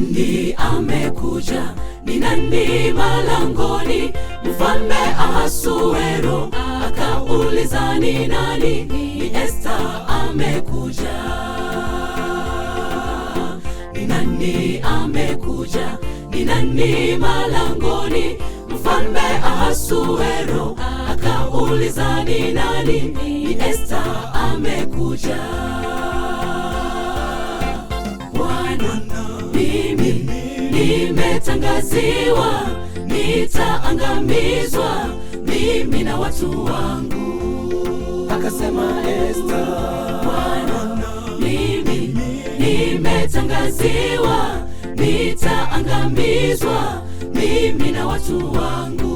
nani amekuja? Ni nani malangoni? Mfalme Ahasuero akauliza ni nani? Ni Esta amekuja. Ni nani amekuja? Ni nani malangoni? Mfalme Ahasuero akauliza ni nani? Ni Esta amekuja. nimetangaziwa nitaangamizwa mimi na watu wangu. Akasema Esta, Bwana, mimi nimetangaziwa nitaangamizwa mimi na watu wangu.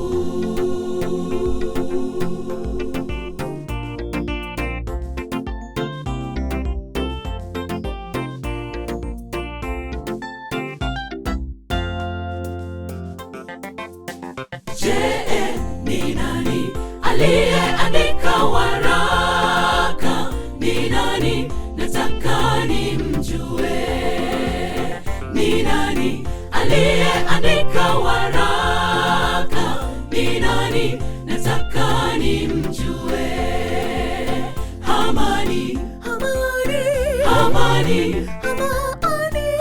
aliyeandika waraka ni nani? Nataka nimjue ni nani aliyeandika waraka ni nani? Nataka nimjue. Hamani, Hamani,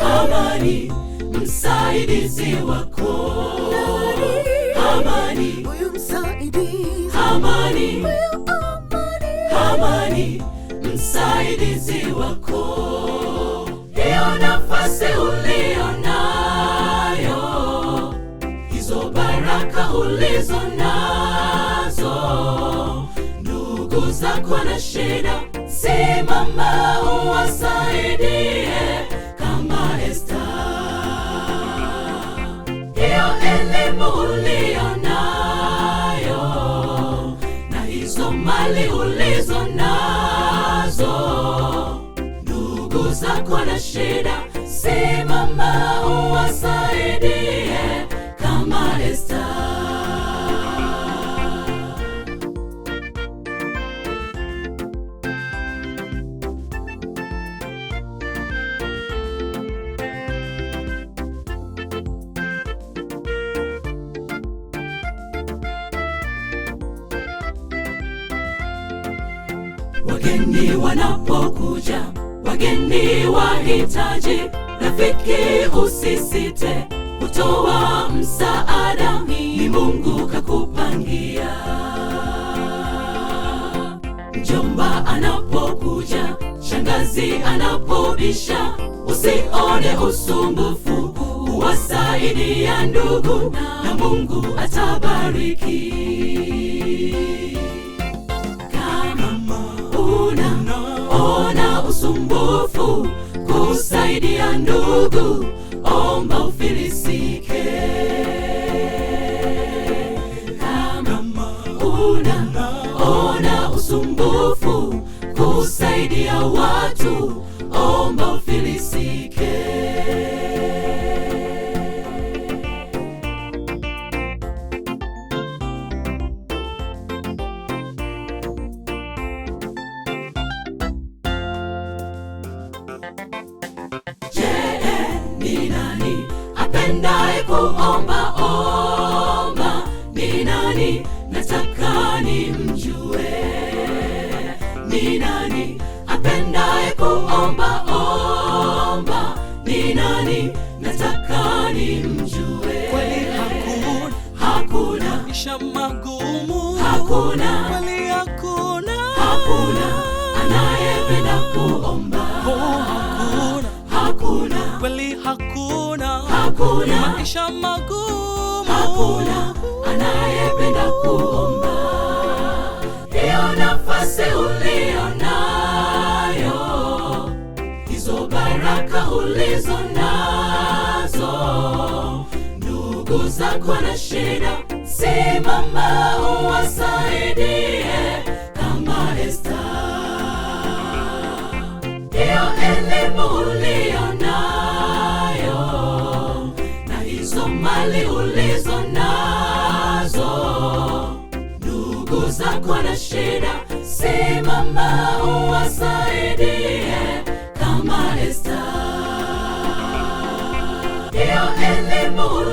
Hamani msaidizi wako Hamani, Hamani ni msaidizi wako. Hiyo nafasi uliyo nayo, hizo baraka ulizo nazo, ndugu zako na shida, simama uwasaidie kama Esta. Hiyo elimu uliyo nayo na hizo mali ulizo ndugu zako na shida, simama uwasaidie kama Esta. Wageni wanapokuja wageni wahitaji, rafiki usisite kutoa msaada, ni Mungu kakupangia. Mjomba anapokuja, shangazi anapobisha, usione usumbufu, uwasaidia ndugu na Mungu atabariki. ya ndugu, omba ufilisike. Kama ona usumbufu kusaidia watu nipendaye kuomba omba ni nani? Nataka nimjue ni nani? Apendaye kuomba omba ni nani? Nataka nimjue. Kweli hakuna, hakuna maisha magumu, hakuna kweli, hakuna, hakuna anayependa kuomba, oh, hakuna, hakuna kweli, hakuna hakuna maisha magumu, hakuna anayependa kuomba. Hiyo nafasi ulio nayo, hizo baraka ulizo nazo, ndugu zako na shida, simama uwasaidie kama Esta. Hiyo elimu ndugu zako na shida, simama uwasaidie kama Esta. Hiyo elimu